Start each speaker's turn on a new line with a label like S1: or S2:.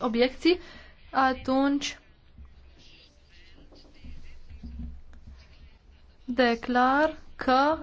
S1: obiecții, atunci declar că